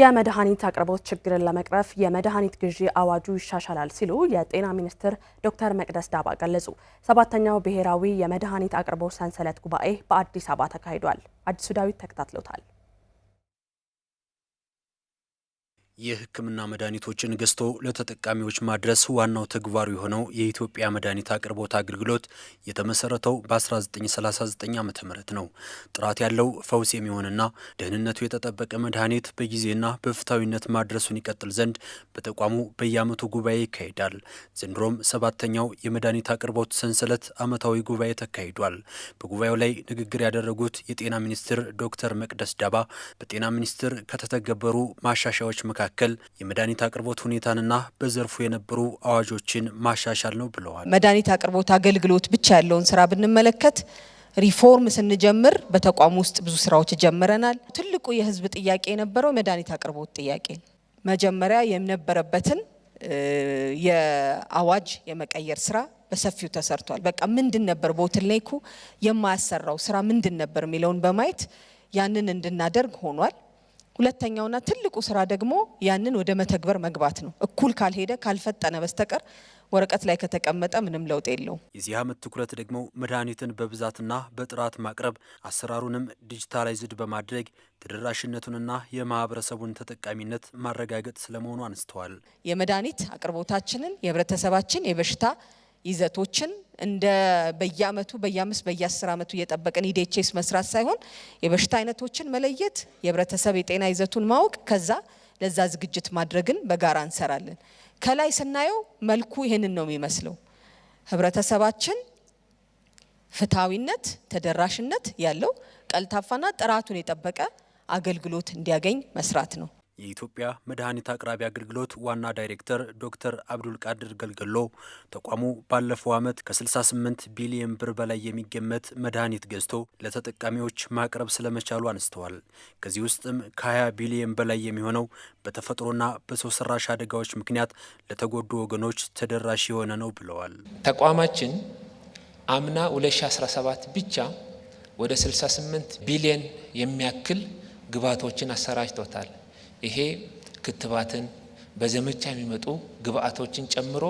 የመድኃኒት አቅርቦት ችግርን ለመቅረፍ የመድኃኒት ግዢ አዋጁ ይሻሻላል ሲሉ የጤና ሚኒስትር ዶክተር መቅደስ ዳባ ገለጹ። ሰባተኛው ብሔራዊ የመድኃኒት አቅርቦት ሰንሰለት ጉባኤ በአዲስ አበባ ተካሂዷል። አዲሱ ዳዊት ተከታትሎታል። የሕክምና መድኃኒቶችን ገዝቶ ለተጠቃሚዎች ማድረስ ዋናው ተግባሩ የሆነው የኢትዮጵያ መድኃኒት አቅርቦት አገልግሎት የተመሰረተው በ1939 ዓ.ም ነው። ጥራት ያለው ፈውስ የሚሆንና ደህንነቱ የተጠበቀ መድኃኒት በጊዜና በፍታዊነት ማድረሱን ይቀጥል ዘንድ በተቋሙ በየዓመቱ ጉባኤ ይካሄዳል። ዘንድሮም ሰባተኛው የመድኃኒት አቅርቦት ሰንሰለት ዓመታዊ ጉባኤ ተካሂዷል። በጉባኤው ላይ ንግግር ያደረጉት የጤና ሚኒስትር ዶክተር መቅደስ ዳባ በጤና ሚኒስቴር ከተተገበሩ ማሻሻያዎች መካከል መካከል የመድኃኒት አቅርቦት ሁኔታንና በዘርፉ የነበሩ አዋጆችን ማሻሻል ነው ብለዋል። መድኃኒት አቅርቦት አገልግሎት ብቻ ያለውን ስራ ብንመለከት ሪፎርም ስንጀምር በተቋም ውስጥ ብዙ ስራዎች ጀምረናል። ትልቁ የህዝብ ጥያቄ የነበረው የመድኃኒት አቅርቦት ጥያቄ መጀመሪያ የነበረበትን የአዋጅ የመቀየር ስራ በሰፊው ተሰርቷል። በቃ ምንድን ነበር ቦትልኔኩ የማያሰራው ስራ ምንድን ነበር የሚለውን በማየት ያንን እንድናደርግ ሆኗል። ሁለተኛውና ትልቁ ስራ ደግሞ ያንን ወደ መተግበር መግባት ነው። እኩል ካልሄደ ካልፈጠነ በስተቀር ወረቀት ላይ ከተቀመጠ ምንም ለውጥ የለውም። የዚህ ዓመት ትኩረት ደግሞ መድኃኒትን በብዛትና በጥራት ማቅረብ፣ አሰራሩንም ዲጂታላይዝድ በማድረግ ተደራሽነቱንና የማህበረሰቡን ተጠቃሚነት ማረጋገጥ ስለመሆኑ አንስተዋል። የመድኃኒት አቅርቦታችንን የህብረተሰባችን የበሽታ ይዘቶችን እንደ በየአመቱ በየአምስት በየአስር አመቱ እየጠበቅን ኢዴቼስ መስራት ሳይሆን የበሽታ አይነቶችን መለየት፣ የህብረተሰብ የጤና ይዘቱን ማወቅ፣ ከዛ ለዛ ዝግጅት ማድረግን በጋራ እንሰራለን። ከላይ ስናየው መልኩ ይህንን ነው የሚመስለው። ህብረተሰባችን ፍትሐዊነት፣ ተደራሽነት ያለው ቀልጣፋና ጥራቱን የጠበቀ አገልግሎት እንዲያገኝ መስራት ነው። የኢትዮጵያ መድኃኒት አቅራቢ አገልግሎት ዋና ዳይሬክተር ዶክተር አብዱልቃድር ገልገሎ ተቋሙ ባለፈው ዓመት ከ68 ቢሊየን ብር በላይ የሚገመት መድኃኒት ገዝቶ ለተጠቃሚዎች ማቅረብ ስለመቻሉ አንስተዋል። ከዚህ ውስጥም ከ20 ቢሊየን በላይ የሚሆነው በተፈጥሮና በሰው ሰራሽ አደጋዎች ምክንያት ለተጎዱ ወገኖች ተደራሽ የሆነ ነው ብለዋል። ተቋማችን አምና 2017 ብቻ ወደ 68 ቢሊየን የሚያክል ግብዓቶችን አሰራጭቶታል። ይሄ ክትባትን በዘመቻ የሚመጡ ግብአቶችን ጨምሮ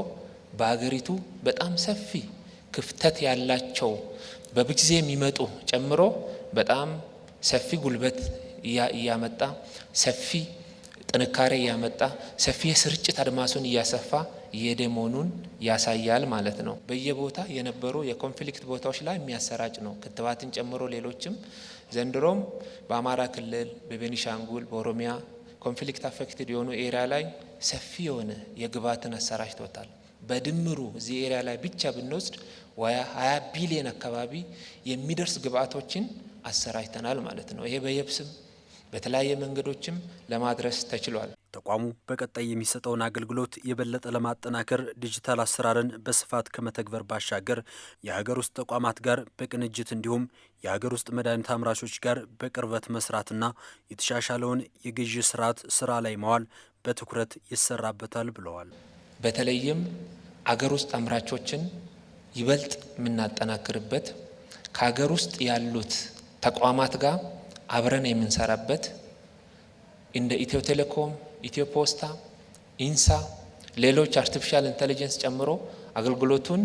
በሀገሪቱ በጣም ሰፊ ክፍተት ያላቸው በጊዜ የሚመጡ ጨምሮ በጣም ሰፊ ጉልበት እያመጣ ሰፊ ጥንካሬ እያመጣ ሰፊ የስርጭት አድማሱን እያሰፋ እየሄደ መሆኑን ያሳያል ማለት ነው። በየቦታ የነበሩ የኮንፍሊክት ቦታዎች ላይ የሚያሰራጭ ነው። ክትባትን ጨምሮ ሌሎችም ዘንድሮም በአማራ ክልል፣ በቤኒሻንጉል፣ በኦሮሚያ ኮንፍሊክት አፌክትድ የሆኑ ኤሪያ ላይ ሰፊ የሆነ የግብአትን አሰራጭቶታል። በድምሩ እዚህ ኤሪያ ላይ ብቻ ብንወስድ ወያ 20 ቢሊዮን አካባቢ የሚደርስ ግብአቶችን አሰራጭተናል ማለት ነው። ይሄ በየብስም በተለያየ መንገዶችም ለማድረስ ተችሏል። ተቋሙ በቀጣይ የሚሰጠውን አገልግሎት የበለጠ ለማጠናከር ዲጂታል አሰራርን በስፋት ከመተግበር ባሻገር የሀገር ውስጥ ተቋማት ጋር በቅንጅት እንዲሁም የሀገር ውስጥ መድኃኒት አምራቾች ጋር በቅርበት መስራትና የተሻሻለውን የግዢ ስርዓት ስራ ላይ መዋል በትኩረት ይሰራበታል ብለዋል። በተለይም አገር ውስጥ አምራቾችን ይበልጥ የምናጠናክርበት ከሀገር ውስጥ ያሉት ተቋማት ጋር አብረን የምንሰራበት እንደ ኢትዮ ቴሌኮም ኢትዮ ፖስታ፣ ኢንሳ፣ ሌሎች አርቲፊሻል ኢንቴሊጀንስ ጨምሮ አገልግሎቱን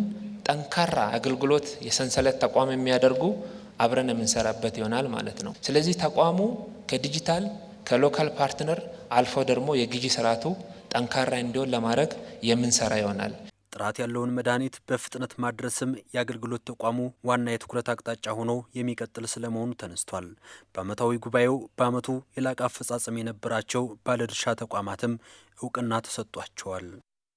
ጠንካራ አገልግሎት የሰንሰለት ተቋም የሚያደርጉ አብረን የምንሰራበት ይሆናል ማለት ነው። ስለዚህ ተቋሙ ከዲጂታል ከሎካል ፓርትነር አልፎ ደግሞ የግዢ ስርዓቱ ጠንካራ እንዲሆን ለማድረግ የምንሰራ ይሆናል። ጥራት ያለውን መድኃኒት በፍጥነት ማድረስም የአገልግሎት ተቋሙ ዋና የትኩረት አቅጣጫ ሆኖ የሚቀጥል ስለመሆኑ ተነስቷል። በዓመታዊ ጉባኤው በዓመቱ የላቀ አፈጻጸም የነበራቸው ባለድርሻ ተቋማትም እውቅና ተሰጥቷቸዋል።